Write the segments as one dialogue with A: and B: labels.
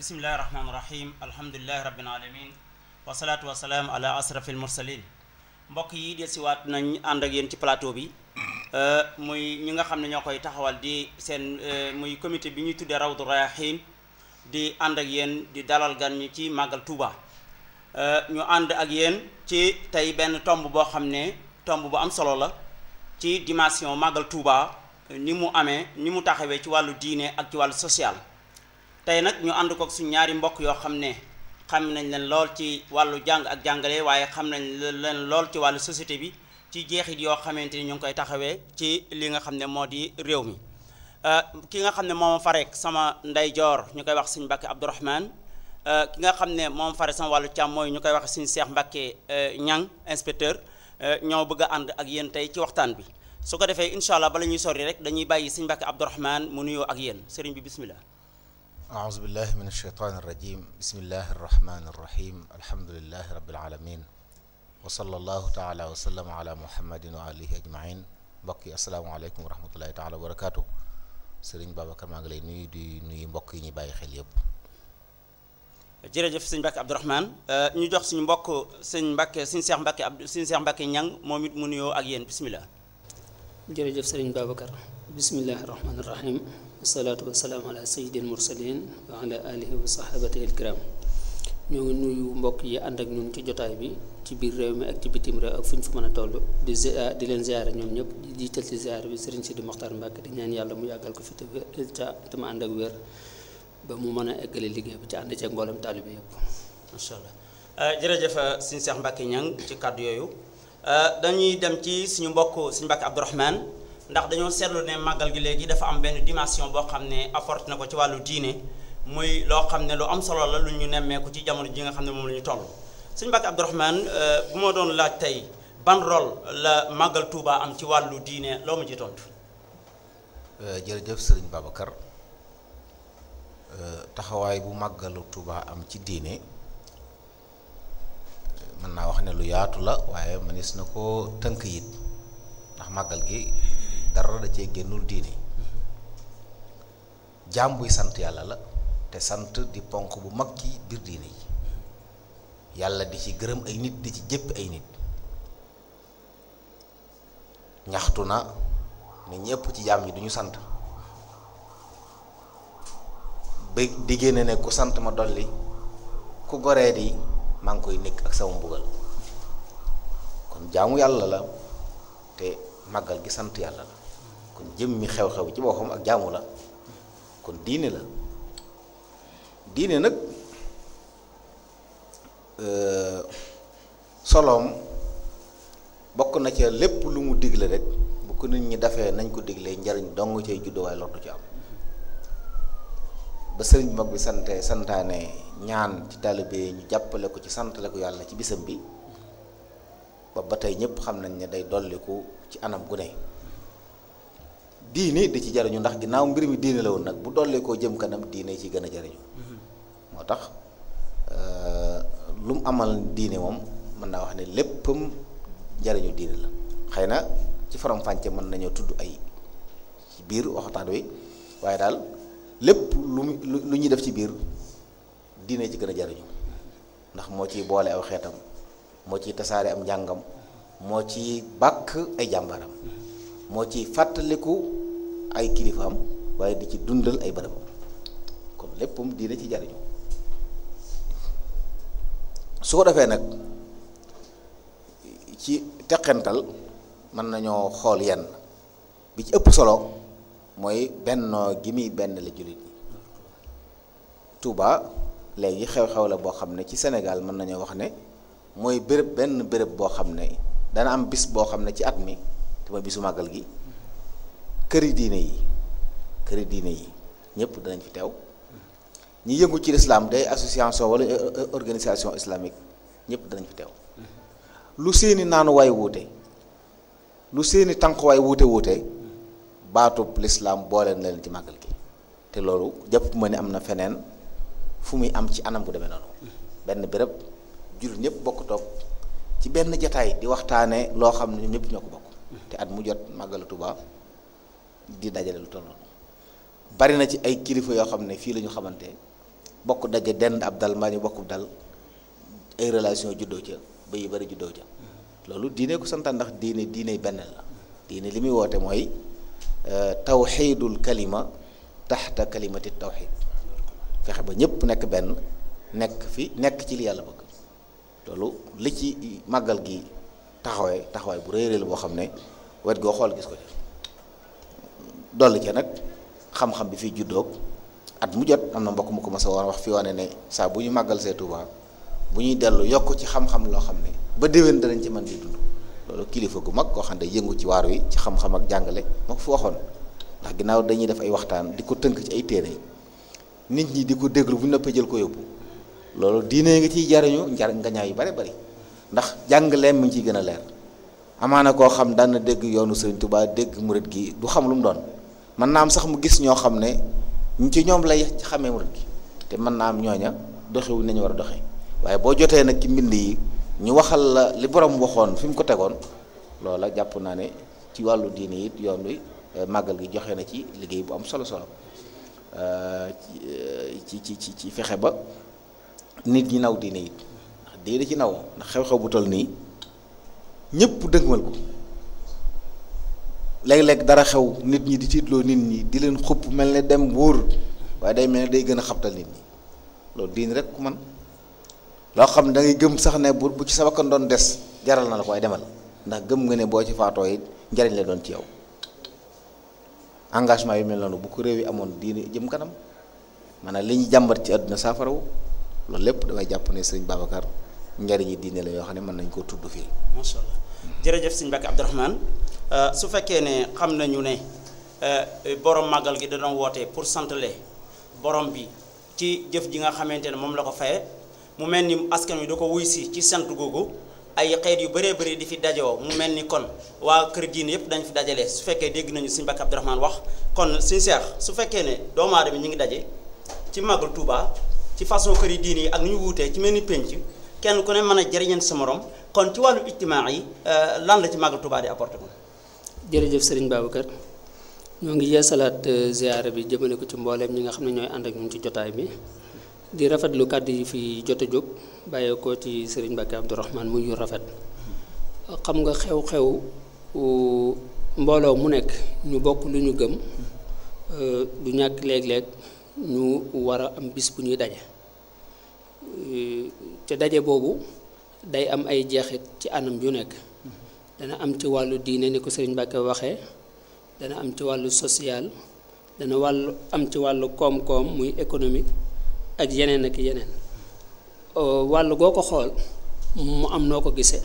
A: bismillahi rahmaani rahim alhamdulilahi rabbil alamin wasalaatu wasalaam ala
B: asrafil mursalin mbokk yi del siwaat nañ ànd ak yéen ci plateau bi euh, muy ñi nga xam ne ñoo koy taxawal di seen euh, muy comité bi ñuy tuddee rawdu rayahin di ànd ak yéen di dalal gan ñi ci màggal Touba euh, ñu ànd ak yéen ci tey benn tomb boo xam ne tomb bu am solo la ci dimension màggal Touba ni mu amee ni mu taxawee ci wàllu diine ak ci wàllu social tey nag ñu ànd kook suñu ñaari mbokk yoo xam ne xam nañ leen lool ci wàllu jàng ak jàngale waaye xam nañ leen lool ci wàllu société bi ci jeexit yoo xamante ni ñu ngi koy taxawee ci li nga xam ne moo di réew mi euh, ki nga xam ne moom farek sama ndeyjoor ñu koy wax suñu Mbàkke Abdourahmane euh, ki nga xam ne moom fare sama wàllu càmmooy ñu koy wax suñu Seex Mbàkke ñang euh, inspecteur ñoo bëgg a ànd ak yéen tey ci waxtaan bi su ko defee incha allah bala ñuy sori rek dañuy bàyyi suñu Mbàkke Abdourahmane mu nuyoo ak yéen sëriñ bi bismillah
C: أعوذ بالله من الشيطان الرجيم بسم الله الرحمن الرحيم الحمد لله رب العالمين وصلى الله تعالى وسلم على محمد وآله أجمعين بقي السلام عليكم ورحمة الله تعالى وبركاته سرين بابا كما قال نوي دي نوي بقي ني باي خيل يب
B: جيرا جف سين باك عبد الرحمن ني جوخ سين بوك سين باك سين شيخ باك عبد سين شيخ باك نيان موميت مونيو اك يين بسم الله جيرا جف سين
D: بابا بسم الله الرحمن الرحيم salaatu wasalaam ala sayyidil mursalin wa ala alihi wa sahabatihi alkiram ñoo ngi nuyu mbokk yi ànd ak ñun ci jotaay bi ci biir réew mi ak ci bitim réew ak fu fa mën a toll di di leen ziare ñoom ñëpp di jiital ci ziare bi sëriñ Sidi Moxtaar Mbàkke di ñaan yàlla mu yàggal ko fi te te ma ànd ak wér ba mu mën a eggale liggéey bi ci ànd ceeg mboolem taalibe yëpp macha allah.
B: jërëjëf sëñ Cheikh Mbacke Niang ci kàddu yooyu dañuy dem ci suñu mbokk suñu Mbacke Abdourahmane ndax dañoo seetlu ne màggal gi léegi dafa am benn dimension boo xam ne apporte na ko ci wàllu diine muy loo xam ne lu am solo la lu ñu nemmeeku ci jamono ji nga xam ne moom la ñu toll sëñ Mbàkke Abdourahmane euh, bu ma doon laaj tey ban rôle la màggal Touba am ci wàllu diine loo ma ci tontu.
C: Euh, jërëjëf sëriñ Babacar euh, taxawaay bu màggalu tuubaa am ci diine mën naa wax ne lu yaatu la waaye mënees na ko tënk it ndax màggal gi. dara da cee génnul diini jaam buy sant yàlla la te sant di ponk bu mag ki biir diini yàlla di ci gërëm ay nit di ci jëpp ay nit ñaxtu na ne ñëpp ci jaam ñi duñu sant ba di génne ne ku sant ma dolli ku goree di maa ngi koy nekk ak sama mbugal kon jaamu yàlla la te màggal gi sant yàlla la kon jëmmi xew-xew ci boppam ak jaamu la kon diine la diine nag euh, soloom bokk na ca lépp lu mu digle rek bu ko nit ñi dafee nañ ko digle njariñ dong cay juddu waaye lor ci am ba sëriñ mag bi sante santaane ñaan ci taalibe ñu jàppale ko ci santale yàlla ci bisam bi ba ba tey ñëpp xam nañ ne day dolliku ci anam gu ne diine di ci jariñu ndax ginnaaw mbir mi diine la woon nag bu dollee koo jëm kanam diine ci gën a jariñu mm-hmm. moo tax euh, lu mu amal diine moom mën naa wax ne léppam jariñu diine la xëy na ci faram mën nañoo tudd ay ci biir waxtaan wi waaye daal lépp lu lu ñuy def ci biir diine ci gën a jariñu ndax moo ciy boole aw xeetam moo ciy tasaare am njàngam moo ci bàkk ay jàmbaram mm-hmm. moo ciy fàttaliku ay kilifaam waye di ci dundal ay baram kon leppum diine ci jariñu su ko defee nak ci teqental man nañoo xol yenn bi ci ëpp solo moy ben gi muy benn la julit Touba légui xew-xew la bo xamné ci Sénégal man nañoo wax né moy bërepp benn bërepp bo xamné dana am bis bo xamné ci at mi bisu magal gi këri diine yi këri diine ñëpp danañ fi teew ñi yëngu ci lislaam day association wala euh, euh, organisation islamique ñëpp danañ fi teew lu seeni naanuwaayu wuute lu seeni tànkuwaay wuute wuute baatub lislaam boole na leen ci màggal gi te loolu jàpp ma ne am na feneen fu muy am ci anam bu demee noonu benn béréb jur ñëpp bokk toog ci benn jataay di waxtaane loo xam ne ñu ñëpp ñoo ko bokk te at mu jot màggal Tuubaa di dajale lu toll noonu bari na ci ay kilifa yoo xam ne fii lañu xamante bokk daje dend ab dal mbaa ñu bokk dal ay relation juddoo ca ba yu bari juddoo ca loolu diine ko santaan ndax diine diine benn la diine li muy woote mooy euh, tawxiidul kalima taxta kalimati tawxiid fexe ba ñëpp nekk benn nekk fi nekk ci li yàlla bëgg loolu li ci màggal gi taxawee taxawaay bu réeréel boo xam ne wet goo xool gis ko ci dolli ca nag xam-xam bi fi juddoog at mu jot am na mbokk mu ko mos a a wax fi wane ne saa bu ñu màggal see Tuubaa bu ñuy dellu yokk ci xam-xam loo xam ne ba déwén danañ ci mën di dund loolu kilifa gu mag koo xam ne yëngu ci waar wi ci xam ak jàngale moo ko fi ginnaaw dañuy def ay waxtaan di ko tënk ci ay téere nit ñi di ko déglu bu ñu jël ko yóbbu loolu diine ngi ciy jariñu njar nga ñaaw yu bari bari ndax jàngaleem mi ngi ciy gën a leer amaana koo xam daan na dégg yoonu Sëriñ Tuubaa dégg murit gi du xam lu mu doon. mën naa am sax mu gis ñoo xam ne ñu ci ñoom lay xamee murid gi te mën naa am ñooña doxewu nañu war a doxe waaye boo jotee nag ci mbind yi ñu waxal la li borom waxoon fi mu ko tegoon loola jàpp naa ne ci wàllu diine it yoon wi euh, màggal gi joxe na ci liggéey bu am solo solo euh, ci ci ci ci fexe ba nit ñi naw diine it ndax diine ci naw ndax xew-xew bu toll nii ñëpp dëgmal ko. léeg-léeg dara xew nit ñi di tiitloo nit ñi di leen xupp mel ne dem wóor waaye day mel ne day gën a xabtal nit ñi loolu diin rek ku man loo xam ne da gëm sax ne bu ci sa des jaral na la koy demal ndax gëm nga ne boo ci faatoo yi njariñ la doon ci yow engagement yu mel noonu bu ko réew yi amoon diine jëm kanam maanaam li ñu jàmbat ci àdduna saafaraw loolu lépp damay jàpp ne sëñ Babacar njariñi diine la yoo xam ne mën nañ koo tudd fii. macha
B: Euh, su fekkee ne xam nañu ne euh, borom màggal gi da wootee pour santale borom bi ci jëf ji nga xamante ne moom la ko faye mu mel ni askan wi du ko wuy si ci sant googu ay xeet yu bëree bëri di fi dajewoo mu mel ni kon waa kër diine yëpp dañ fi dajale su fekkee dégg nañu Sëñ Mbàkke Abdourahmane wax kon Sëñ Seex su fekkee ne doomu aadama ñu ngi daje ci màggal Touba ci façon kër yi diine yi ak nu ñu wuutee ci mel ni pénc kenn ku ne mën a jëriñeen sa morom kon
D: ci wàllu ijtimaa yi euh, lan la ci màggal Touba di apporté jërëjëf sëriñ Babacar
A: ñoo ngi yeesalaat euh,
D: ziyaara bi jëmale ko ci mbooleem ñi nga xam ne ñooy ànd ak ñun ci jotaay bi di rafetlu fi jota a jóg ko ci sëriñ Mbàkke abdourahman muy yu rafet xam nga xew-xew mbooloo mu nekk ñu bokk lu ñu gëm euh, du ñàkk léeg-léeg ñu war a am bis bu ñuy daje te euh, daje boobu day am ay jeexit ci anam yu nekk dana am ci wàllu diine ni ko sëriñ Mbàkke waxe dana am ci wàllu social dana wàllu am ci wàllu koom-koom muy économique ak yeneen ak yeneen wàllu goo ko xool mu am noo ko gisee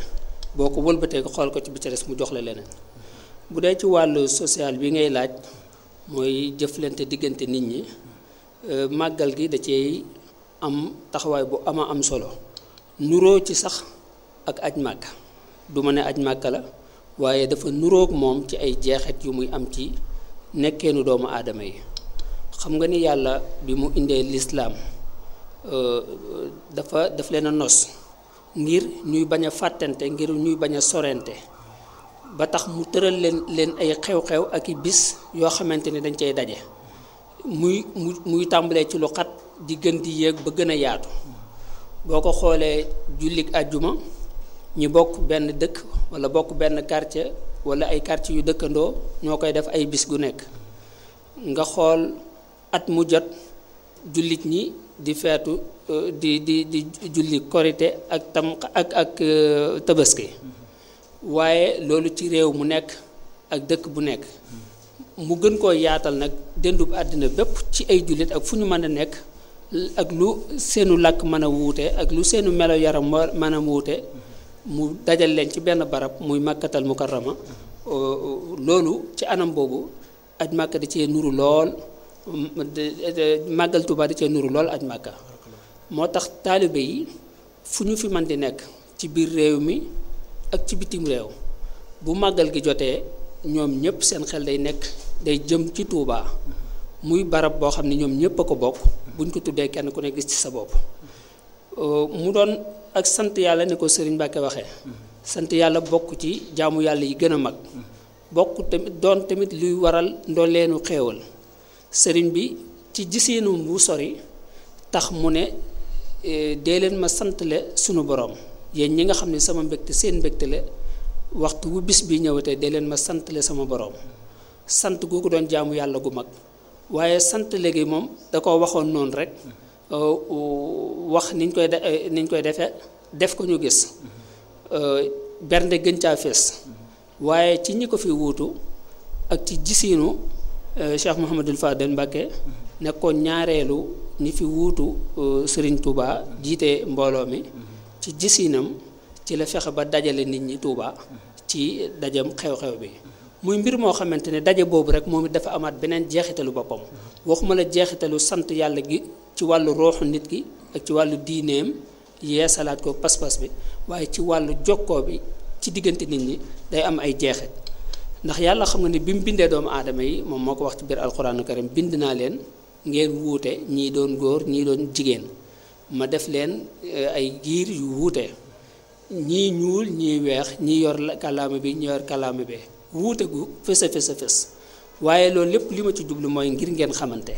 D: boo ko wëlbatee ko xool ko ci bicares mu jox la leneen bu dee ci wàllu social bi ngay laaj mooy jëflante diggante nit ñi e, màggal gi da cee am taxawaay bu ama am solo nuroo ci sax ak aj màgg du ma ne aj màkka la waaye dafa nuroog moom ci ay jeexet yu muy am ci nekkeenu doomu aadama yi xam nga ni yàlla bi mu indee lislaam euh, dafa daf leen a nos ngir ñuy bañ a fàttante ngir ñuy bañ a sorente ba tax mu tëral leen leen ay xew-xew ak i bis yoo xamante ne dañ cay daje muy mu muy tàmbalee ci lu xat di gën di yéeg ba gën a yaatu boo ko xoolee jullik àjjuma ñu bokk benn dëkk wala bokk benn quartier wala ay quartier yu dëkkandoo ñoo koy def ay bis gu nekk nga xool at mu jot jullit ñi di feetu euh, di di di julli korite ak tam ak ak euh, tabaski waaye loolu ci réew mu nekk ak dëkk bu nekk mu gën koo yaatal nag dendub àddina bépp ci ay jullit ak fu ñu mën a nekk ak lu seenu làkk mën a wuute ak lu seenu melo yaram mën a wuute mu dajal leen ci benn barab muy màkkatal mukarrama euh, loolu ci anam boobu aj màkka di cee nuru lool màggal Tuuba di cee nuru lool aj màkka moo tax taalibe yi fu ñu fi man di nekk ci biir réew mi ak ci bitim réew bu màggal gi jotee ñoom ñëpp seen xel day nekk day jëm ci Tuuba muy barab boo xam ne ñoom ñëpp a ko bokk buñ ko tuddee kenn ku ne gis ci sa bopp euh, mu doon ak sant yàlla ne ko sëriñ Mbàkke waxee sant yàlla bokk ci jaamu yàlla yi gën a mag bokk tamit doon tamit luy waral leenu xeewal sëriñ bi ci giseenu bu sori tax mu ne e, dee leen ma santale sunu boroom yéen ñi nga xam ne sama mbégte seen mbégte la waxtu wu bis bi ñëwatee dee leen ma santale sama boroom sant ko doon jaamu yàlla gu mag waaye santale gi moom da ko waxoon noonu rek Euh, wax niñ koy de euh, niñ koy defee def ko ñu gis euh, bernde gën caa fees waaye ci ñi ko fi wuutu ak ci jisiinu gisiinu Cheikh Mouhamadul Fadel Mbacke nekkoon ñaareelu ñi fi wuutu Serigne Touba jiite mbooloo mi ci gisiinam ci la fexe ba dajale nit ñi Touba ci dajam xew-xew bi muy mbir moo xamante ne daje boobu rek moom it dafa amaat beneen jeexitalu boppam waxuma la jeexitalu sant yàlla gi ci wàllu rooxu nit ki ak ci wàllu diineem yeesalaat ko pas-pas bi waaye ci wàllu jokkoo bi ci diggante nit ñi day am ay jeexit ndax yàlla xam nga ni bi mu bindee doomu aadama yi moom moo ko wax ci biir alxuraanu karim bind naa leen ngeen wuute ñii doon góor ñii doon jigéen ma def leen eh, ay giir yu wuute ñii ñuul ñii weex ñii yor kàllaama bi ñii yor kàllaama bi wuute gu fës a fës a fës waaye loolu lépp li ma ci jublu mooy ngir ngeen xamante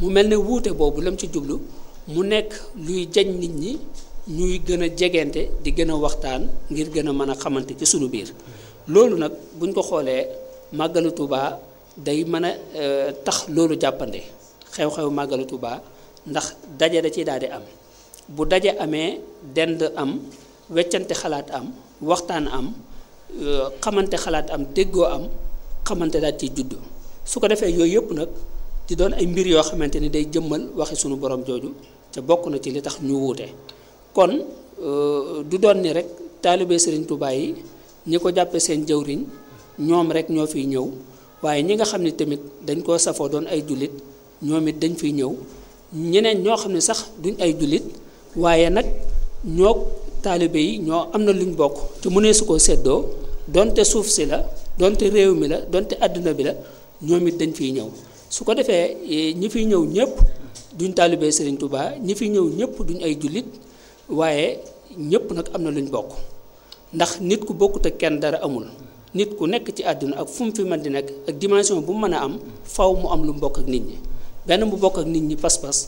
D: mu mel ne wuute boobu lam ci jublu mu nekk luy jañ nit ñi ñuy gën a jegente di gën a waxtaan ngir gën a mën a xamante ci sunu biir loolu nag buñ ko xoolee màggalu tubaa day mën a euh, tax loolu jàppande xew-xew màggalu tubaa ndax daje da ciy daal di am bu daje amee dend am weccante xalaat am waxtaan am euh, xamante xalaat am déggoo am xamante daal ci juddu su ko defee yooyu yëpp nag di doon ay mbir yoo xamante ni day jëmmal waxi sunu borom jooju te bokk na ci li tax ñu wuute kon euh, du doon ni rek taalibe sëriñ Tuubaa yi ñi ko jàppe seen jëwriñ ñoom rek ñoo fiy ñëw waaye ñi nga xam ne tamit dañ koo safoo doon ay jullit ñoom it dañ fi ñëw ñeneen ñoo xam ne sax duñ ay jullit waaye nag ñoo taalibe yi ñoo am na luñ bokk ci mënee su ko séddoo donte suuf si la donte réew mi la donte àdduna bi la ñoom it dañ fiy ñëw su ko defee eh, ñi fiy ñëw ñëpp duñ taalibee Serigne tubaa ñi fiy ñëw ñëpp duñ ay jullit waaye ñëpp nag am na luñ bokk ndax nit ku bokkut kenn dara amul nit ku nekk ci àdduna ak fu fi mën di nekk ak dimension bu mu mën a am faw mu am lu mu bokk ak nit ñi benn mu bokk ak nit ñi pas-pas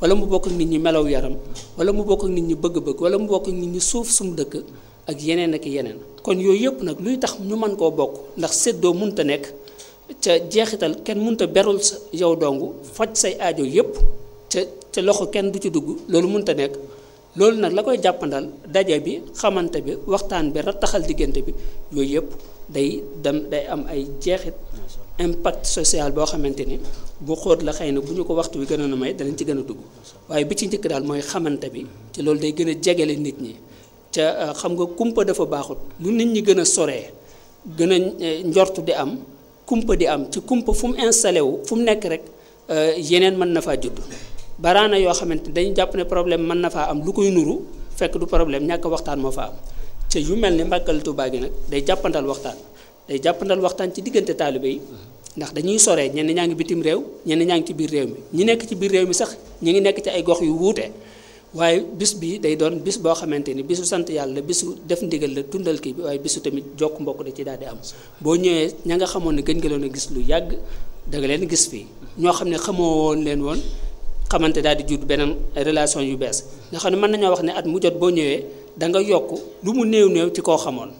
D: wala mu bokk ak nit ñi melaw yaram wala mu bokk ak nit ñi bëgg-bëgg wala mu bokk ak nit ñi suuf sumu dëkk ak yeneen ak yeneen kon yooyu yëpp nag luy tax ñu mën koo bokk ndax séddoo munta nekk ca jeexital kenn munta berul sa yow dong faj say aajo yëpp ca ca loxo kenn du ci dugg loolu mun ta nekk loolu nag la koy jàppandal daje bi xamante bi waxtaan bi rattaxal diggante bi yooyu yëpp day dem day am ay jeexit impact social boo xamante ni bu xóot la xëy na bu ñu ko waxtu bi gën a may dalañ ci gën a dugg waaye bi ci njëkk daal mooy xamante bi ci loolu day gën a jegele nit ñi ca euh, xam nga kumpa dafa baaxut lu nit ñi gën a soree gën a euh, njort di am kumpa di am ci kumpa fu mu installé wu fu mu nekk rek euh, yeneen mën na faa judd baraana yoo xamante dañu jàpp ne problème mën na faa am lu koy nuru fekk du problème ñàkk waxtaan moo fa am ca yu mel ni màggal Tuubaa gi nag day jàppandal waxtaan day jàppandal waxtaan ci diggante taalibe yi ndax dañuy soree ñenn ñaa ngi bitim réew ñenn ñaa ngi ci biir réew mi ñi nekk ci biir réew mi sax ñu ngi nekk ci ay gox yu wuute waaye bis bi day doon bis boo xamante ni bisu sant yàlla bisu def ndigal la dundal kii bi waaye bisu tamit jokk mbokk da ci daal di am boo ñëwee ña nga xamoon ne gën nga leen gis lu yàgg da leen gis fii ñoo xam ne xamoo woon leen woon xamante daal di jur beneen relation yu bees nga xam ne mën nañoo wax ne at mu jot boo ñëwee da nga yokk lu mu néew néew ci koo xamoon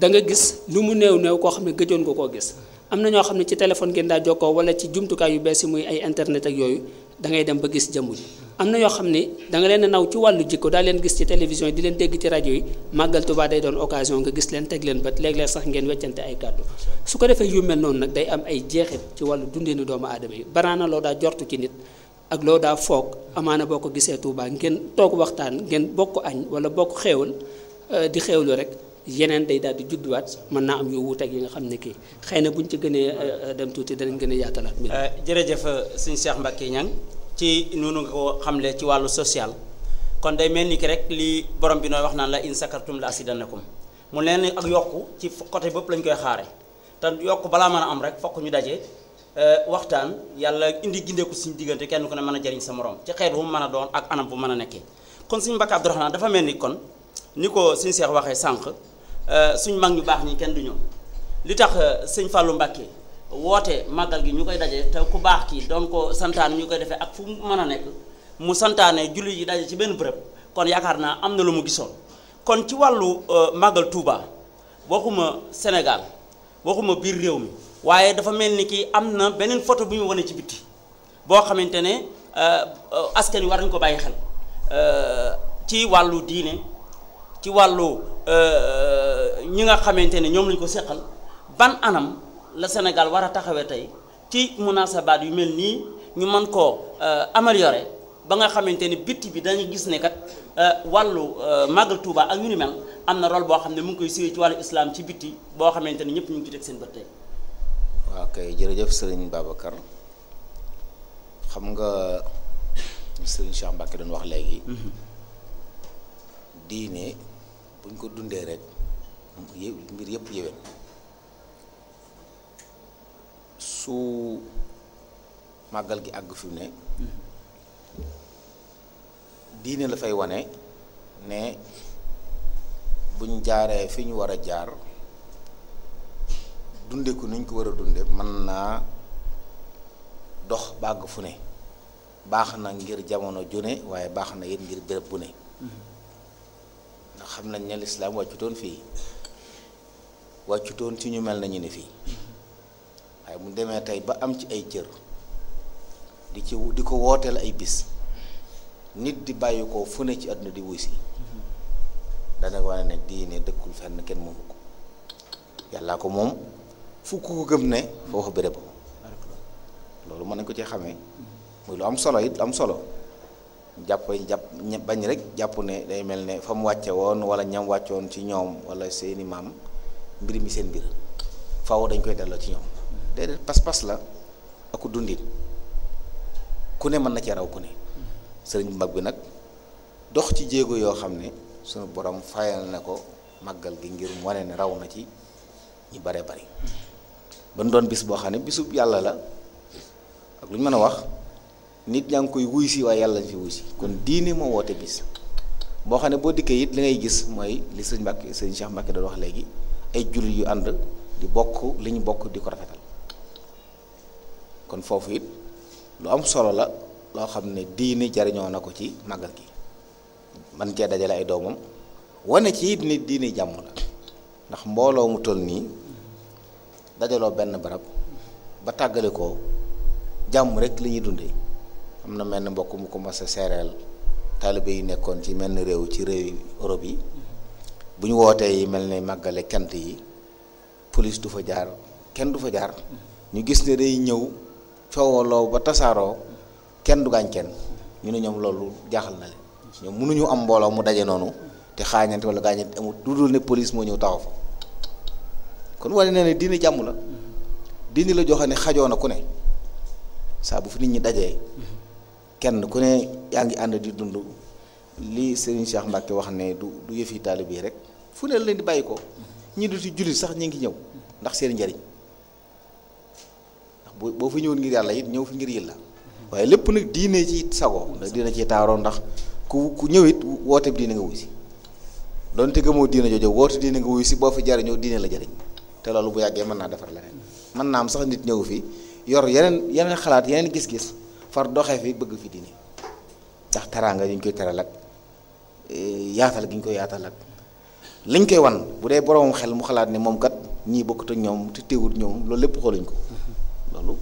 D: da nga gis lu mu new néew koo xam ne gëjoon ko koo gis am na ñoo xam ne ci téléphone ngeen daa jokkoo wala ci jumtukaay yu bees yi muy ay internet ak yooyu dangay dem ba gis jëmm ji am na yoo xam ne da nga leen naw ci wàllu jikko daal leen gis ci télévision yi di leen dégg ci rajo yi màggal Tuubaa day doon occasion nga gis leen teg leen bët léeg-léeg sax ngeen weccante ay kàddu su ko defee yu mel noonu nag day am ay jeexit ci wàllu dundeenu doomu adama yi baraana loo daa jortu ki nit ak loo daa foog amaana boo ko gisee Tuubaa ngeen toog waxtaan ngeen bokk añ wala bokk xéewal euh, di xéewlu rek yeneen day daal di judduwaat mën naa am yu wuuteeg yi nga xam ne kii xëy na buñ ci gënee euh, dem tuuti danañ gën a yaatalaat.
B: Euh, jërëjëf sëñ Cheikh Mbacké Niang ci noonu ko xamle ci walu social kon day ni rek li borom bi nooy wax naan la in sakartum la asidannakum mu leen ak yokku ci côté bépp lañ koy xaare te yokk balaa mën a am rek fokk ñu daje euh, waxtaan yàlla indi gindeeku suñu diggante kenn ku ne mën a jariñ sa morom ci xeet bu mu doon ak anam bu mën a nekkee kon suñu mbakk Abdourahmane dafa mel ni kon ni ko suñu seex waxee sànq euh, suñ mag ñu baax ñi kenn du li tax euh, sëñ Fallou Mbacké woote màggal gi ñu koy dajee te ku baax kii doon ko santaane ñu koy defee ak fu mu mën a nekk mu santaane jullit yi daje ci benn bërëb kon yaakaar naa am na lu mu gisoon kon ci wàllu euh, màggal tuuba waxuma Sénégal waxuma biir réew mi waaye dafa mel ni kii am na beneen photo bu ñu wane ci bitti boo xamante ne euh, euh, askan wi war nañu ko bàyyi xel ci wàllu diine ci wàllu ñi nga xamante ne ñoom lañu ko seqal ban anam. la senegal war a taxawee tey ci munaasabaat yu mel nii ñu mën koo euh, améliorer ba nga xamante ni bitti bi dañu gis ne kat euh, wàllu euh, màggal Touba ak yu mel am na rol boo xam ne mu ngi koy suy ci wàllu islam ci bitti boo xamante ni ñëpp ñu ngi ci teg seen bët tey.
C: waaw kay jërëjëf sëriñ Babacar xam nga sëriñ Cheikh Mbacke doon wax léegi. Mhm. diine buñ ko dundee rek mbir yëpp yéwén. su màggal gi àgg fi mu ne diine la fay wane ne buñ jaaree fi ñu war a jaar dunde ko nuñ ko war a dunde mën naa dox bàgg fu ne baax na ngir jamono ju ne waaye baax na yit ngir béréb bu ne xam nañ ne lislaam wàccutoon fii wàccutoon ci ñu mel nañu ne fii waaye mu demee tey ba am ci ay cër di ci di ko wooteel ay bis nit di bàyyi koo fu ne ci àdduna di wuy si dana wane ne diine dëkkul fenn kenn moomu ko yàllaa ko moom fukk ko gëm ne foofa bëre ba loolu mën nañ ko ci xamee muy lu am solo it am solo jàpp jàpp bañ rek jàpp ne day mel ne fa mu wàcce woon wala ñam wàcce woon ci ñoom wala seeni maam mbir mi seen mbir faaw dañ koy delloo ci ñoom déedéet pas-pas la aku dundit ku ne mën na ci raw ku ne sëriñ bu bi nak dox ci jéego yo xamne sunu borom fayal nako magal gi ngir ne raw na ci ñi bare bari ban doon bis bo xamne bisub yalla la ak luñu mëna wax nit ñang koy wuy ci wa yalla ci wuy ci kon diine mo wote bis bo xamne bo dikke yit it li ngay gis moy li serigne Mbàkke serigne Cheikh wax legi ay yu and di bokku li bokku di ko rafetal kon foofu it lu am solo la loo xam ne diine jariñoo na ko ci màggal gi man cee dajale ay doomam wane ci it ni diine jàmm la ndax mbooloo mu toll nii dajaloo benn barab ba tàggale ko jàmm rek li ñuy dundee am na mel ni mbokk mu ko mas seereel taalibe yi nekkoon ci mel ni réew ci réew Europe yi bu ñu wootee yi mel ni màggale kent yi police du fa jaar kenn du fa jaar ñu gis ne day ñëw coowaloo ba tasaaroo kenn du gaañ kenn ñu ne ñoom loolu jaxal na leen ñoom mënuñu am mbooloo mu daje noonu te xaañante wala gaañante amul lu dul ne police moo ñëw taxaw fa kon wane na ne diine jàmm la diine la joxe ne xajoo na ku ne saa bu fi nit ñi dajee kenn ku ne yaa ngi ànd di dund lii li Serigne Cheikh Mbacke wax ne du du yëfi taalibe yi rek fu ne la leen di bàyyi ko ñi du ci jullit sax ñu ngi ñëw ndax seeni njariñ bu boo fi ñëwoon ngir yàlla yit ñëw fi ngir yàlla waaye lépp nag diine ci sago ndax diine ci taaroo ndax ku ku ñëw it woote bi diine nga wuy si donte gëmoo diine jooju woote diine nga wuy si boo fi jariñoo diine la jariñ te loolu bu yàggee mën naa defar leneen mën naa am sax nit ñëw fii yor yeneen yeneen xalaat yeneen gis-gis far doxe fi bëgg fi diine ndax teraanga yi ñu koy teral ak e, yaatal gi ñu koy yaatal liñ koy wan bu dee boroomam xel mu xalaat ni moom kat ñii bokkut ak ñoom te teewut ñoom loolu lépp xooluñ ko loolu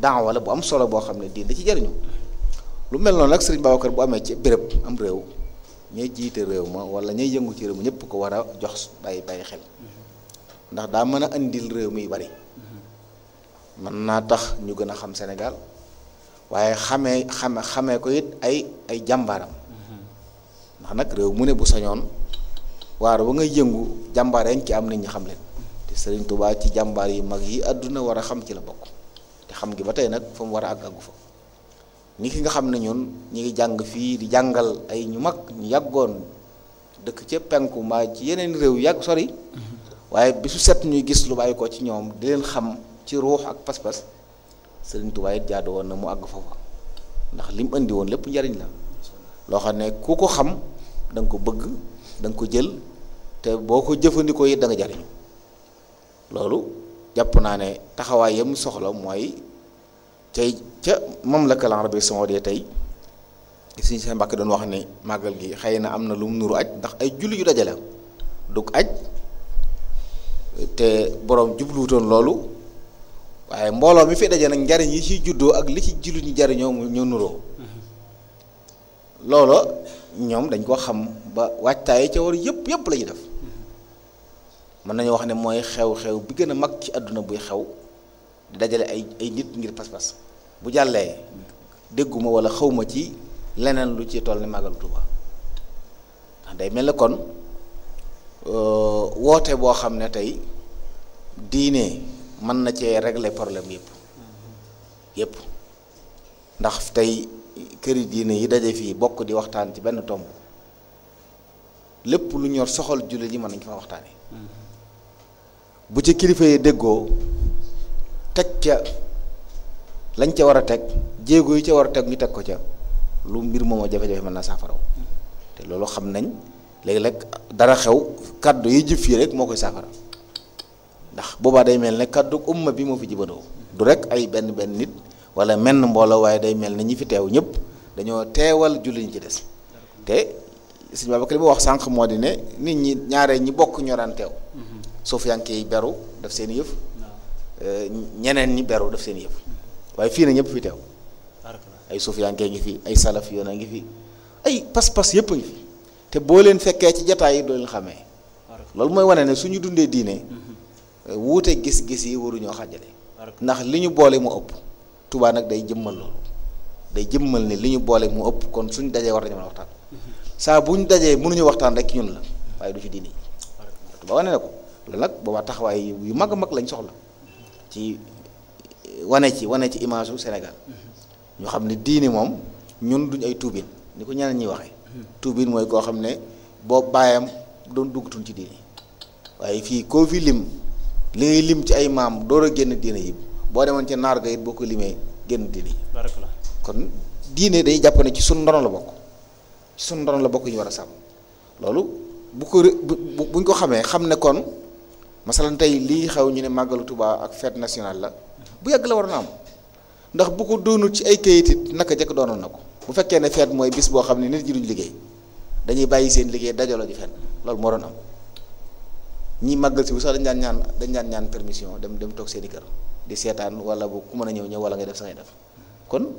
C: daawa la bu am solo boo xam ne diin da ci jariñu lu mel noonu nag sëriñ Babacar bu amee ci béréb am réew ñay jiite réew ma wala ñay yëngu ci réew ma ñëpp ko war a jox bay bàyyi xel ndax daa mën a indil réew mi bari mën naa tax ñu gën a xam senegal waaye xamee xame xamee ko it ay ay jàmbaaram ndax nag réew mu ne bu sañoon waar ba ngay yëngu jàmbaar yañ ci am nit ñi xam leen te Serigne ci jàmbaar yi mag yi àdduna war a xam ci la bokk te xam gi ba tey nag fa mu war a àgg àggu fa ni ki nga xam ne ñun ñu ngi jàng fii di jàngal ay ñu mag ñu yàggoon dëkk ca penku maa ci yeneen réew yàgg sori mm-hmm. waaye bi su set ñuy gis lu bàyyi ko ci ñoom di leen xam ci ruux ak pas-pas Serigne Touba jaadu woon na mu àgg foofa ndax li mu indi woon lépp njariñ la loo xam ne ku ko xam danga ko bëgg danga ko jël te boo ko jëfandikoo yi danga nga loolu jàpp naa ne taxawaay yam soxla mooy tey ca mamlakatul arabiyya saoudiya tey suñ seen mbàkk doon wax ni màggal gi xëy na am na lu mu nuru aj ndax ay julli yu dajale dug aj te boroom jubluwutoon loolu waaye mbooloo mi fi daje nag njariñ yi ciy juddoo ak li ci julli ñi jariñoo ñoo nuroo mm-hmm. loola ñoom dañ ko xam ba waajtaay ca war yëpp yëpp la def mën nañu wax ne mooy xew-xew bi gën a mag ci àdduna buy xew di dajale ay ay nit ngir pas-pas bu jàllee dégguma wala ma ci leneen lu ci toll ni màggalu Tuuba day mel ne kon euh, woote boo xam ne tey diine mën na cee régler problème yëpp yépp ndax tey këri diine yi daje fii bokk di waxtaan ci benn tomb lépp lu ñor soxal jullit yi mën nañu fa waxtaane mm-hmm. bu ci kilifa yi déggoo teg ca lañ ca war a teg jéego yi ca war a teg ñu teg ko ca lu mbir moomoo jafe-jafe mën na saafaraw te loolu xam nañ léegi-léeg dara xew kàddu yi jib fii rek moo koy saafara ndax boobaa day mel ne kàddu umma bi moo fi jibadoo du rekk ay benn benn nit wala menn mbooloo waaye day mel ne ñi fi teew ñëpp dañoo teewal julli ñi ci des te sëñ Babacar li mu wax sànq moo di ne nit ñi ñaaree ñi bokk ñoraan teew suufiyanke yi beru def seen yëf eh, ñeneen ñi beru def seen yëf waaye fii na ñëpp fi teew ay suufiyanke ngi fi ay salaf yoon a ngi fi ay pas-pas yëpp ngi fi te boo leen fekkee ci jataay yi doo leen xamee loolu mooy wane ne suñu dundee diine mhm. eh, wuute gis-gis yi waruñoo xàjjale ndax li ñu boole mu ëpp tubaa nag day jëmmal loolu day jëmmal ni li ñu boole mu ëpp kon suñu dajee war nañu mën a waxtaan mhm. saa bu ñu dajee mënuñu waxtaan rek ñun la waaye du fi dii loolu nag boobaa taxawaay yu mag mag lañ soxla ci wane ci wane ci image su Sénégal ñu xam ne diine moom ñun duñ ay tuubin ni ko ñeneen ñuy waxee tuubin mooy koo xam ne boo baayam doon duggatul ci diine waaye fii koo fi lim li ngay lim ci ay maam door a génn diine yi boo demoon ci naar ga boo ko limee génn diine yi kon diine day jàpp ne ci sun ndono la bokk ci sun ndono la bokk ñu war a sàmm loolu bu ko bu buñ ko xamee xam ne kon masalan tey lii xaw ñu ne màggalu tubaa ak fête nationale la bu yàgg la war na am ndax bu ko doonul ci ay kayit it naka jëkk doonoon na ko bu fekkee ne fête mooy bis boo xam ne nit ñi duñ liggéey dañuy bàyyi seen liggéey dajaloo ji fenn loolu moo doon am ñi màggal si bu sax dañ daan ñaan dañ daan ñaan permission dem dem toog seen i kër di seetaan wala bu ku mën a ñëw ñëw wala nga def sa ngay def kon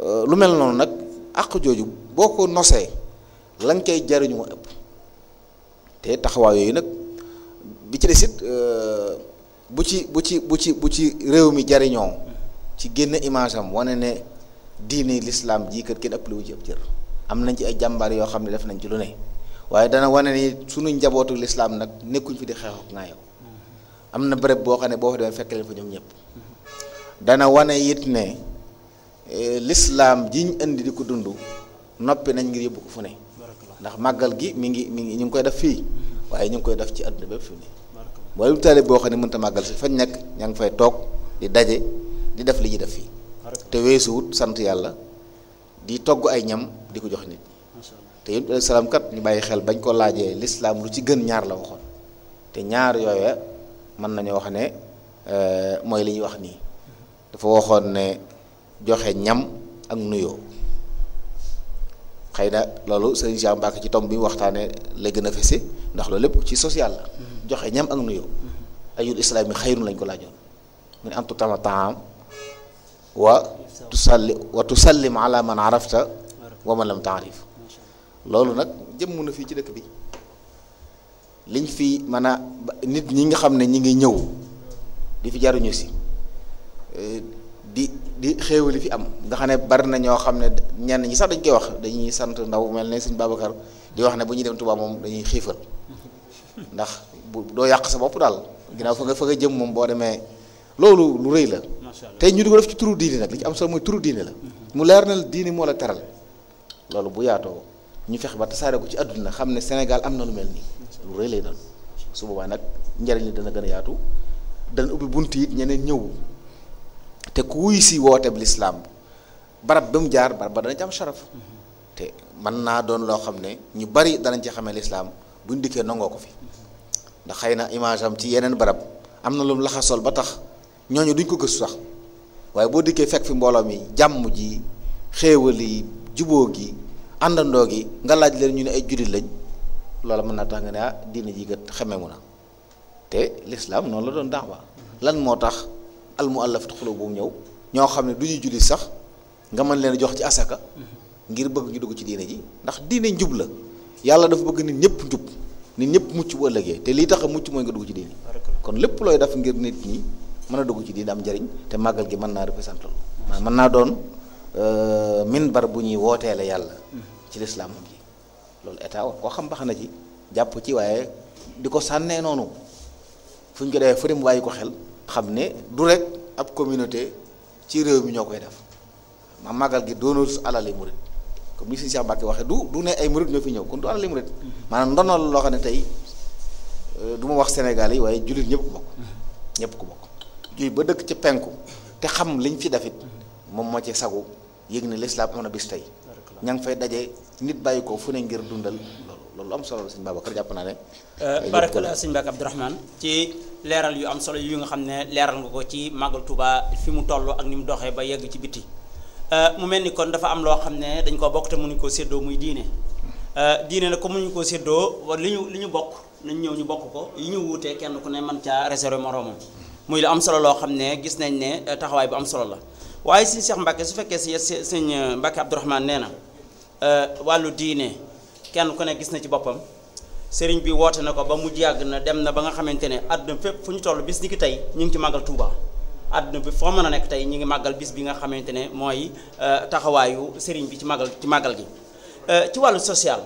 C: euh, lu mel noonu nag àq jooju boo ko nosee lañ koy jariñu moo taxawaay yooyu nag. bi ci des euh, bu ci bu ci bu ci bu ci réew mi jariñoo ci génn image am wane ne diine lislaam jii kat kenn ëppale wu ci ab cër am nañ ci ay jàmbaar yoo xam ne def nañ ci lu ne dana wane ni njabootu lislaam nag nekkuñ fi di xeex ak bërëb boo xam ne boo fa demee fekk leen ñoom ñëpp dana wane it ne euh, lislaam jiñ indi di ko dund noppi nañ ngir yóbbu ko fu ne ndax màggal gi mi ngi mi ngi ñu ngi koy def fii mm-hmm. waaye ñu ngi koy def ci àdduna bépp fi ne mboolem taalib boo xam ne mënta màggal si fañ nekk ña ngi fay toog di daje di def li ñuy def fii te weesuwut sant yàlla di togg ay ñam di ko jox nit te yonent alayhi ñu bàyyi xel bañ ko laajee lislaam lu ci gën ñaar la waxoon te ñaar yooya mën nañu wax ne euh, mooy li ñuy wax nii dafa waxoon ne joxe ñam ak nuyoo xëy na loolu sëriñ Cheikh Mbacke ci tom bi waxtaanee lay gën a fese ndax loolu lépp ci social la mm-hmm. joxe ñam ak nuyoo ayul islam yi xayrun lañ ko laajoon mu antu tama taam wa tusalli wa tusallim ala man arafta wa man lam taarif lolu nak jëm na fi ci dëkk bi liñ fi mana nit ñi nga xamne ñi ngi ñew di fi jaru si eh, di di xewali fi am nga xane bar na ño xamne ñen ñi sax dañ koy wax dañuy sant ndaw melni seigne babakar di wax ne bu ñu dem tuba mom dañuy xifal ndax bu doo yàq sa bopp daal ginnaaw fa nga fa nga jëm moom boo demee loolu lu rëy la tey ñu di def ci turu diine nag li ci am solo mooy turu diine la mhm. mu leer na diine moo la teral loolu bu yaatoo ñu fexe ba tasaare ko ci àdduna xam ne Sénégal am na lu mel nii lu rëy lay doon su boobaa nag njariñ li dana gën a yaatu dana ubbi bunt yi ñeneen ñëw te ku wuy si wooteeb lislaam barab ba mu jaar barab ba dana ci am sharaf mhm. te mën naa doon loo xam ne ñu bari danañ ci xamee lislaam buñ dikkee nangoo ko fi mhm. ndax xëy na image am ci yeneen barab am na lu mu laxasol ba tax ñooñu duñ ko gëstu sax waaye boo dikkee fekk fi mbooloo mi jàmm ji xéewal juboo gi àndandoo gi nga laaj leen ñu ne ay jullit lañ loola mën naa tax nga ne ah diina ji kat xemewu na te lislaam noonu la doon daawa lan moo tax al muallafati bu ñëw ñoo xam ne du ñu jullit sax nga mën leen jox ci asaka ngir bëgg ñu dugg ci diine ji ndax diine njub la yàlla dafa bëgg nit ñëpp njub nit ñëpp mucc bu ëllëgee te li tax a mucc mooy nga dugg ci diini kon lépp looy def ngir nit ñi mën a dugg ci diini am njëriñ te màggal gi mën naa représenté loolu mën naa doon euh, min bar bu ñuy wootee la yàlla ci lislaam gi loolu état war koo xam bax ci jàpp ci waaye di ko sànnee noonu fu ñu ko defee fërim bàyyi ko xel xam ne du rek ab communauté ci réew mi ñoo koy def ma màggal gi doonul alali murit comme ni suñu Cheikh Mbacke waxee du du ne ay murid ñoo fi ñëw kon du alali murid maanaam ndonol loo xam ne tey euh, du ma wax Sénégal yi waaye jullit ñëpp ko bokk ñëpp ko bokk juy ba dëkk ci penku te xam liñ fi dafit moom moo ci sagu yéeg ne lislaam am na bis tey ña ngi fay daje nit bàyyi ko fu ne ngir dundal loolu loolu am solo la sëñ Babacar jàpp naa ne euh, baraka la sëñ
B: Mbacke Abdourahmane ci leeral yu am solo yu nga xam ne leeral nga ko ci màggal Touba fi mu toll ak ni mu doxee ba yegg ci bitti Euh, mu mel ni kon dafa am loo xam ne dañ koo bokk te mënuñ koo séddoo muy diine euh, diine nag ko mënuñ koo séddoo li ñu li ñu bokk nañ ñëw ñu bokk ko yi ñu wuutee kenn ku ne man caa réservé moroomam muy lu am solo loo xam ne gis nañ ne euh, taxawaay bu am solo la waaye si Cheikh Mbacke su fekkee si sëñ Mbacke Abdourahmane nee na wàllu diine kenn ku ne gis na ci boppam sëriñ bi woote na ko ba mu yàgg na dem na ba nga xamante ne àdduna fépp fu ñu toll bis ni tey ñu ngi ci màggal àdduna bi foo mën a nekk tey ñu ngi màggal bis bi nga xamante ne mooy euh, taxawaayu sëriñ bi ci màggal ci màggal gi euh, ci wàllu social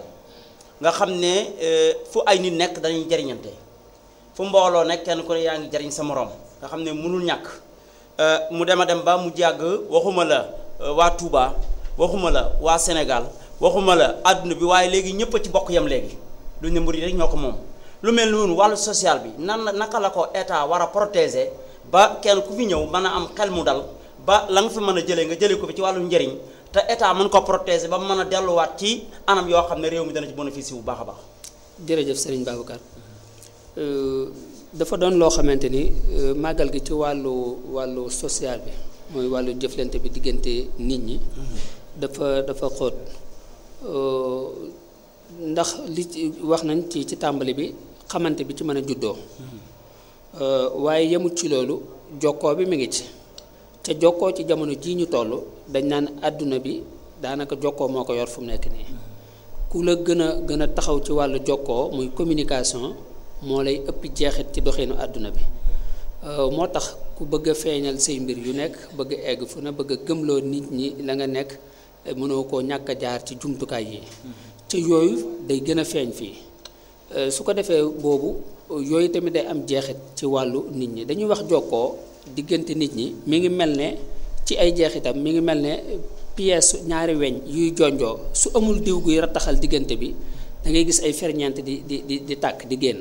B: nga xam ne euh, fu ay nit nekk dañuy jariñante fu mbooloo nekk kenn ku ne yaa ngi jariñ sa moroom nga xam ne mënul ñàkk mu dem a dem ba mu jàgg waxuma la waa Touba waxuma la waa Sénégal waxuma la àdduna bi waaye léegi ñëpp ci bokk yam léegi lu ne mbir yi rek ñoo ko moom lu mel noonu wàllu social bi nan naka la ko état war a protéger ba kenn ku fi ñëw mën a am xel mu dal ba la nga fi mën a jëlee nga jëlee ko fi ci wàllu njëriñ te état mën ko protéger ba mu mën a delluwaat
D: ci anam yoo xam ne réew mi dana ci bénéfice baax a baax. jërëjëf Serigne Babacar euh, dafa doon loo xamante ni euh, màggal gi ci wàllu wàllu social bi mooy wàllu jëflante bi diggante nit ñi. dafa dafa xóot euh, ndax li ci wax nañ ci ci tàmbali bi xamante bi ci mën a juddoo. Euh, waaye yemut ci loolu jokkoo bi mu ngi ci te jokkoo ci jamono jii ñu toll dañ naan àdduna bi daanaka jokkoo moo ko yor fu mu nekk nii ku la gën a gën a taxaw ci wàllu jokkoo muy communication moo lay ëpp jeexit ci doxinu àdduna bi euh, moo tax ku bëgg a feeñal say mbir yu nekk bëgg egg fu na bëgg a gëmloo nit ñi la nga nekk eh, mënoo koo ñàkk a jaar ci jumtukaay yi mm-hmm. te yooyu day gën a feeñ fii euh, su ko defee boobu yooyu tamit day am jeexit ci wàllu nit ñi dañuy wax jokkoo diggante nit ñi mi ngi mel ne ci ay jeexitam mi ngi mel ne pièce ñaari weñ yuy jonjoo su amul diw guy rattaxal diggante bi da ngay gis ay ferñeent di di di di tàkk di génn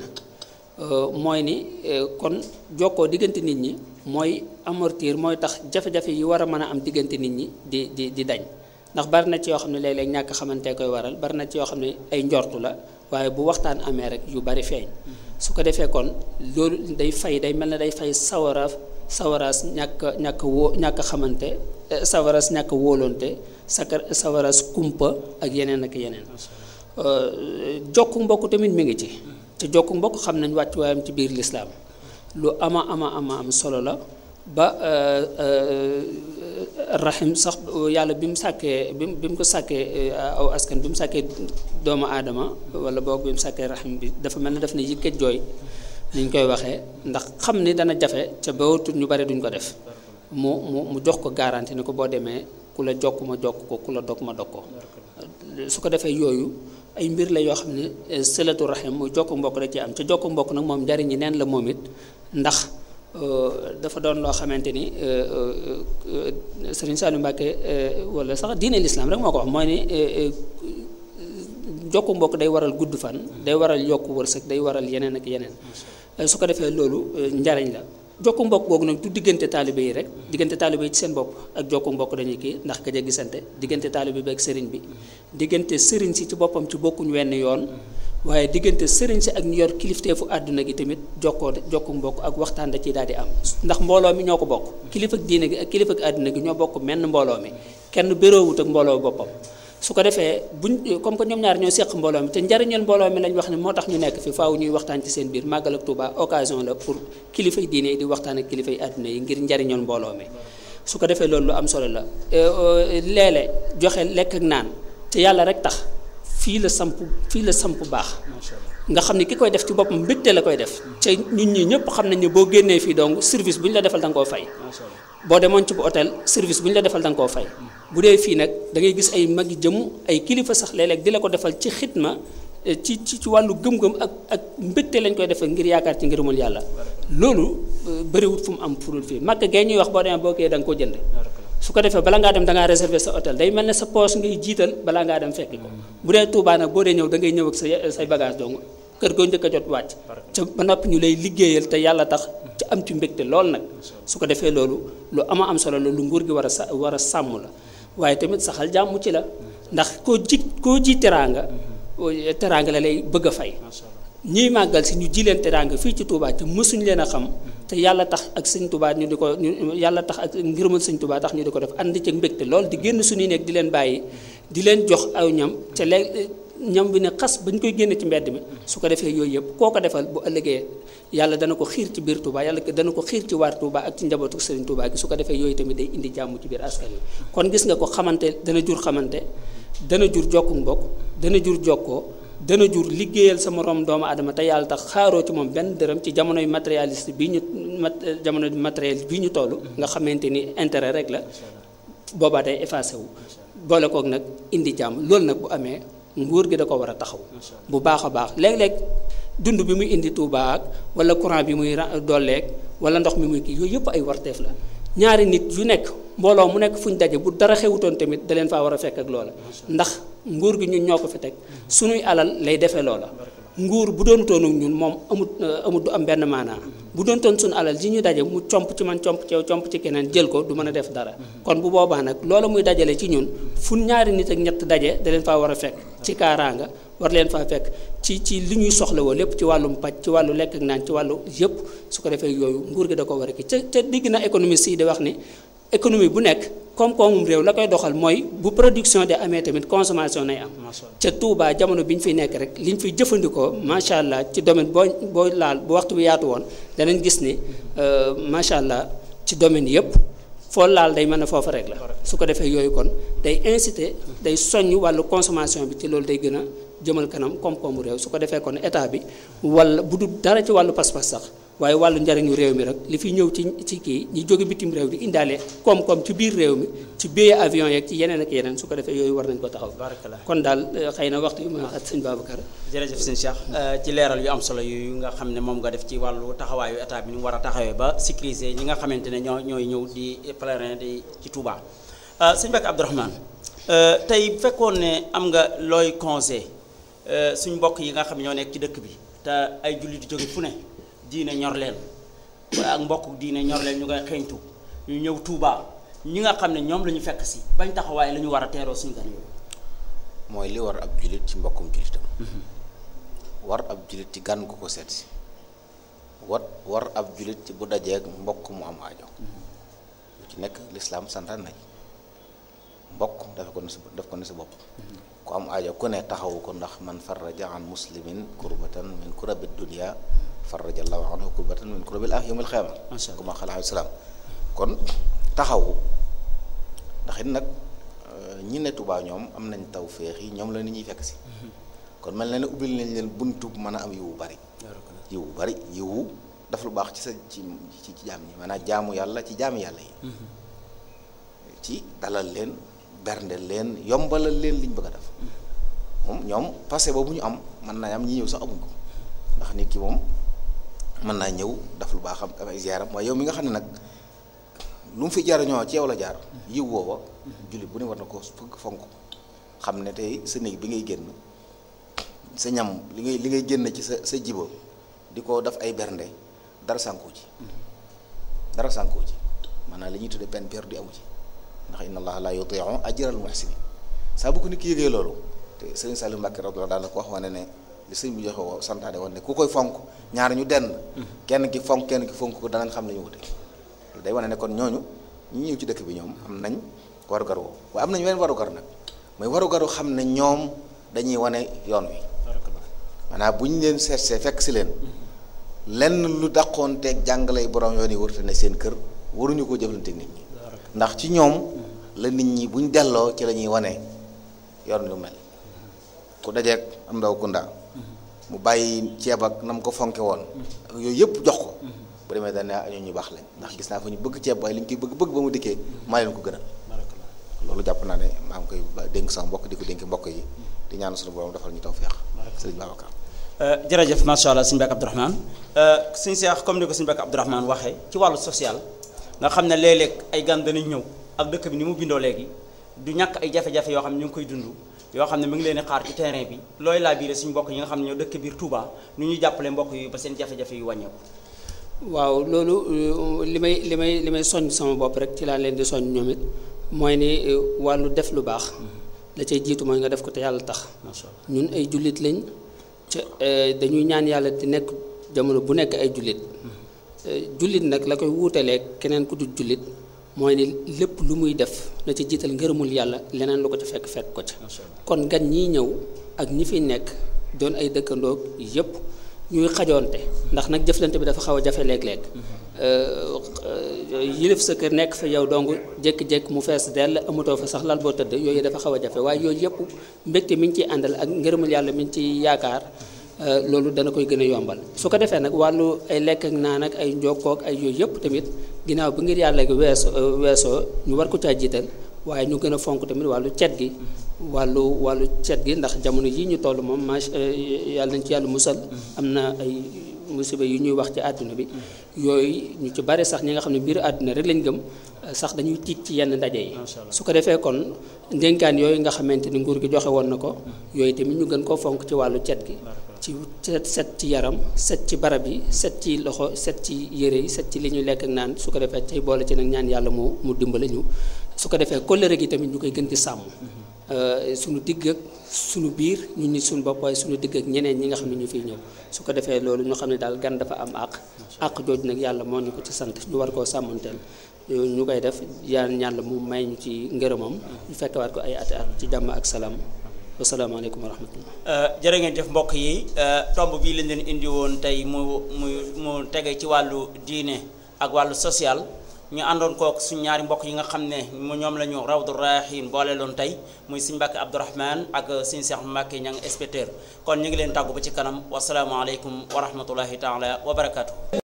D: euh, mooy ni euh, kon jokkoo diggante nit ñi mooy amortir mooy tax jafe-jafe yi war a mën a am diggante nit ñi di di di dañ ndax bari na ci yoo xam ne léeg-léeg ñàkk xamante koy waral bari na ci yoo xam ne ay njortu la waaye bu waxtaan amee rek yu bari feeñ su ko defee kon loolu day fay day mel ne day fay sawaraaf sawaraas ñàkk ñàkk woo ñàkk eh, sawaraas ñàkk wóolonte sakar sawaraas kumpa ak yeneen ak yeneen euh, jokku mbokk tamit mu ngi ci te jokku mbokk xam nañ wàcc waayam ci biir lislaam lu ama ama ama am solo la ba euh, euh, rahim sax yàlla bi mu sàkkee bi mu bi mu ko sàkkee euh, aw askan bi mu sàkkee doomu aadama wala boog bi mu sàkkee rahim bi dafa mel ne daf ne yëkkat jooy ni ñu koy waxee ndax xam ni dana jafe ca ba wutut ñu bare duñ ko def mu mu mu jox ko garanti ni ko boo demee ku la jokk ma jokk ko ku la dog ma dog ko su ko defee yooyu ay mbir la yoo xam ne sëlatu rahim mu jokk mbokk da ci am ca jokk mbokk nag moom njariñ njariñi neen la moom it ndax Euh, dafa doon loo xamante ni euh, euh, Serigne Saliou Mbacké wala sax diine lislaam rek moo ko wax mooy ni jokku mbokk day waral gudd fan day waral yokku wërsëg day waral yeneen ak yeneen su ko defee loolu njariñ la jokku mbokk googu nag du diggante taalibe yi rek diggante taalibe yi ci seen bopp ak jokku mbokk dañuy kii ndax këj a gisante diggante taalibe bi ak sëriñ bi mm. diggante sëriñ si ci boppam ci bokkuñ wenn yoon mm. waaye diggante sëriñ si ak ñu yor kilifteefu àdduna gi tamit jokkoo jokku mbokk ak waxtaan da ciy daal di am ndax mbooloo mi ñoo ko bokk kilifa ak diine gi ak kilifa ak àdduna gi ñoo bokk menn mbooloo mi kenn béroowut ak mbooloo boppam su ko defee buñ comme que ñoom ñaar ñoo seq mbooloo mi njariñal mbooloo mi lañ wax ne moo tax ñu nekk fi faaw ñuy waxtaan ci seen biir màggal ak Tuuba occasion la pour kilifay diine yi di waxtaan ak kilifay àdduna yi ngir njariñal mbooloo mi su ko defee loolu lu am solo la euh, euh, léeg joxe lekk ak naan te yàlla rek tax fii la samp fii la samp baax nga xam ne ki koy def ci boppam mbégte la koy def te ñun ñi ñëpp xam nañ ne boo génnee fii donc service bu ñu la defal da nga koo fay boo demoon ci bu hôtel service bu ñu la defal da koo fay bu dee fii nag da ngay gis ay mag magi jëm ay kilifa sax léeg di la ko defal ci xitma eh, ci ci ci wàllu gëm-gëm ak ak mbégte lañ koy defal ngir yaakaar ci ngërëmul yàlla loolu eh, bëriwut fu mu am furul fii màkk gay ñuy wax boo demee boo kee da nga ko jënd su ko defee bala ngaa dem da ngaa réserver sa hôtel day mel ne sa poche ngay jiital balaa ngaa dem fekki ko bu dee Touba nag boo dee ñëw da ngay ñëw ak sa say bagage dong kër goo njëkk jot wàcc ca ba noppi ñu lay liggéeyal te yàlla tax ci am ci mbégte lool nag su ko defee loolu lu ama am solo la lu nguur gi war a sa war a sàmm la waaye tamit saxal jàmm ci la ndax koo ji koo ji teraanga teraanga la lay bëgg a fay ñuy màggal si ñu ji leen teraanga fii ci Touba te mësuñ leen a xam te yàlla tax ak sëñ Touba ñu di ko ñu yàlla tax ak ngërëmal sëñ Touba tax ñu di ko def ànd ci mbégte lool di génn suñuy nekk di leen bàyyi di leen jox aw ñam te léeg ñam bi ne xas bañ koy génne ci mbedd mi su ko defee yooyu yëpp koo ko defal bu ëllëgee yàlla dana ko xiir ci biir Touba yàlla dana ko xiir ci waar Touba ak ci njabootu sëriñ Touba gi su ko defee yooyu tamit day indi jàmm ci biir askan kon gis nga ko xamante dana jur xamante dana jur jokku mbokk dana jur jokkoo dana jur liggéeyal sa moroom doomu aadama te yàlla tax xaaroo ci moom benn dërëm ci jamonoy matérialiste bi ñu mat jamono matériel bi ñu toll. nga xamante ni intérêt rek la. boobaa day effacé wu. boole kook nag indi jàmm loolu nag bu amee nguur gi da ko war a taxaw. bu baax a baax léeg-léeg dund bi muy indi Tuubaa ak wala courant bi muy dolleek wala ndox mi muy kii yooyu yëpp ay warteef la. ñaari nit yu nekk mbooloo mu nekk fu ñu daje bu dara xewutoon tamit da leen faa war a fekk ak ndax. nguur gi ñun ñoo ko fi teg suñuy alal lay defee loola nguur bu doon toonu ñun moom amut euh, amut du am benn maanaa bu doon toon suñu alal ji ñu daje mu comp ci man comp ci comp ci keneen jël ko du mën a def dara kon bu boobaa nag loola muy dajale ci ñun fu ñaari nit ak ñett daje da leen faa war a fekk ci kaaraanga war leen faa fekk ci ci li ñuy soxla woo lépp ci wàllum paj ci wàllu lekk ak naan ci wàllu yëpp su ko defee yooyu nguur gi da ko war a ki ca ca digg na économiste yi di wax ni économie bu nekk koom-koomum réew la koy doxal mooy bu production de amee tamit consommation nay am. ca Touba jamono bi ñu fiy nekk rek li ñu fiy jëfandikoo macha allah ci domaine boo boo laal bu waxtu bu yaatu woon danañ gis ni euh, macha allah ci domaine yëpp. foo laal day mën a foofa rek la su ko defee yooyu kon day incité day soññ wàllu consommation bi ci loolu day gën a jëmal kanam koom-koomu réew su ko defee kon état bi wala bu du dara ci wàllu pas-pas sax waaye wàllu njariñu réew mi rek li fi ñëw ci ci kii ñi jóge bitim réew di indaale koom-koom ci biir réew mi ci béye avion yeeg ci yeneen ak yeneen su ko defee yooyu war nañ ko taxaw kon daal euh, xëy na waxtu yu ma xat sëñ Babacar jërëjëf sëñ Cheikh
B: mm. euh, ci leeral yu am solo yu nga xam ne moom nga def ci wàllu taxawaayu état bi ni mu war a taxawee ba sécuriser ñi nga xamante ne ñoo ñooy ñëw di pèlerin di ci Touba euh, sëñ Bakk Abdourahmane tey fekkoon ne am nga looy conseil suñ mbokk yi nga xam ñoo nekk ci dëkk bi te ay julli di jóge fu ne diine ñor leen ak mbokk diine ñor leen ñu koy xeñtu ñu ñëw Touba ñi nga xam ne ñoom la ñu fekk si bañ taxawaay la ñu war a teeroo suñu gan yooyu
C: mooy li war ab julit ci mbokkum julitam mhm. war ab julit ci gan gu ko seet si war war ab julit ci bu dajeeg mbokk mu am aajo mhm. lu ci nekk lislaam santaan nañ mbokk dafa ko daf ko ne sa bopp mhm. ku am aajo ku ne taxawu ko ndax man farraja an muslimin kurbatan min kurabi dunia faraja allahu anhu kurbatan min kurbil ah yawmal qiyaama kama qaala alayhi salaam kon taxawu ndax it nag euh, ñi ne Tuubaa ñoom am nañ tawféex yi ñoom la nit ñuy fekk si mhm. kon mel na ne ubbil nañ leen buntu mën a am yiwu bari yiwu bari yiwu daf lu baax ci sa ci ci jaam ñi maanaam jaamu yàlla ci jaami yàlla yi mhm. ci dalal leen bernde leen yombalal leen liñ bëgg a def mhm. moom ñoom passé boobu ñu am mën naa am ñi ñëw sax amuñ ko ndax nit ki moom man na ñew daf lu baxam ak ay ziaram waaye yow mi nga xam nak lu mu fi ñoo ci yow la jaar yiw woowa jullit bu ne war na ko fëgg fonk xam tay tey sa néeg bi ngay genn sa ñam li ngay li ngay genn ci sa jibo diko di ko daf ay bernde dara sanku ci dara sanku ci na li ñuy tuddee peine perdue amu ci ndax inna allaha la yutiu al muhsinin sa bu ko nit ki yëgee lolu te serigne Saliou Mbacke radhiyallahu anhu ko wax wané ne li sëñ bi joxe santaane woon ne ku koy fonk ñaar ñu denn kenn ki fonk kenn ki fonk ko danañ xam ne ñu wute day wane ne kon ñooñu ñu ñëw ci dëkk bi ñoom am nañ warugar woo waaye am nañu wenn warugar nag mooy warugaru xam ne ñoom dañuy wane yoon wi maanaam bu ñu leen seetsee fekk si leen lenn lu daqoon teeg jàngalay borom yoon yi wërte seen kër waruñu ko jëflante nit ndax ci ñoom la nit ñi buñ delloo ci lañuy wane yoon lu mel ku dajeeg am ndaw kunda mu bàyyi ceeb ak na mu ko fonke woon yooyu yëpp jox ko mhm. bu demee dañ ne ah ñu baax lañ ndax gis naa fa ñu bëgg ceeb waaye li ñu koy bëgg bëgg ba mu dikkee maa leen ko gënal loolu jàpp naa ne maa ngi koy dénk sax mbokk di ko dénk mbokk yi di ñaan suñu borom defal ñu tawfeex sëriñ Babacar euh, jërëjëf macha allah suñu Mbàkke Abdourahmane
B: suñu euh, seex comme ni ko suñu Mbàkke Abdourahmane waxee ci wàllu social nga xam ne léeg-léeg ay gan danañ ñëw ak dëkk bi ni mu bindoo léegi du ñàkk ay jafe-jafe yoo xam ne ñu ngi koy dund yoo xam ne mi ngi leen di xaar ci terrain bi looy laa biire suñu mbokk yi nga xam ne ñoo dëkk biir Touba nu ñuy jàppale mbokk yi ba seen jafe-jafe
D: yu wàññeeku. waaw loolu euh, li may li may may soññ sama bopp rek ci laa leen di soññ ñoom mooy ni euh, wàllu def lu baax. Mm-hmm. la cay jiitu mooy nga def ko te yàlla tax. ñun ay jullit lañ ca euh, dañuy ñaan yàlla di nekk jamono bu nekk ay jullit. Mm-hmm. jullit nag la koy wuutaleeg keneen ku dul jullit mooy ne lépp lu muy def na ci jiital ngërëmul yàlla leneen lu ko ci fekk fekk ko ci. kon gan ñiy ñëw ak ñi fi nekk doon ay dëkkandoo yëpp ñuy xajoonte ndax nag jëflante bi dafa xaw a jafe léeg-léeg. Mm-hmm. Euh, yilif sa kër nekk fa yow dong jékki mu fees dell amatoo fa sax lal boo tëdd yooyu dafa xaw a jafe waaye yooyu yëpp mbégte mi ngi ciy àndal ak ngërëmul yàlla mi ngi ciy yaakaar euh, loolu dana koy gën a yombal su ko defee nag wàllu ay lekk ak naan ay njookook ay yooyu yëpp tamit ginnaaw bi ngir yàlla gi weeso euh, weesoo ñu war ko caa jiital waaye ñu gën a fonk tamit wàllu cet gi wàllu wàllu cet gi ndax jamono jii ñu toll moom ma euh, yàlla nañ ci yàlla musal mm-hmm. am na ay musiba yu ñuy wax ci àdduna bi mm-hmm. yooyu ñu ci bare sax ñi nga xam ne biir àdduna rek lañ gëm sax dañuy tiit ci yenn ndaje yi su ko defee kon ndénkaan yooyu nga xamante ni nguur gi joxe woon na ko mm-hmm. yooyu tamit ñu gën koo fonk ci wàllu cet gi ci set ci yaram set ci barab yi set ci loxo set ci yére yi set ci li ñuy lekk naan su ko defee tey boole ci nag ñaan yàlla moo mu dimbale ñu su ko defee kóllëre gi tamit ñu koy gën ci sàmm euh, suñu digg ak suñu biir ñu nit suñu bopp waaye suñu digg ak ñeneen ñi nga xam ne ñu fiy ñëw su ko defee loolu ñu xam ne daal gan dafa am àq àq jooju nag yàlla moo ñu ko ci sant ñu war koo sàmmanteel ñu koy def yaan ñaan la mu may ñu ci ngërëmam ñu fekkewaat ko ay ati at ci jàmm ak salaam wasalaamaaleykum wa
B: def euh, mbokk yi euh, tomb bii lañ leen indi woon tey mu mu mu tege ci wàllu diine ak wàllu social ñu àndoon kook suñ ñaari mbokk yi nga xam ne mu ñoom lañu ñu rawdu rahin boole loon tey muy suñ mbàkke abdourahman ak suñ seex
A: mbàkke ñang inspecteur kon ñu ngi leen tàggu ba ci kanam wasalaamualeykum wa rahmatullahi taala wa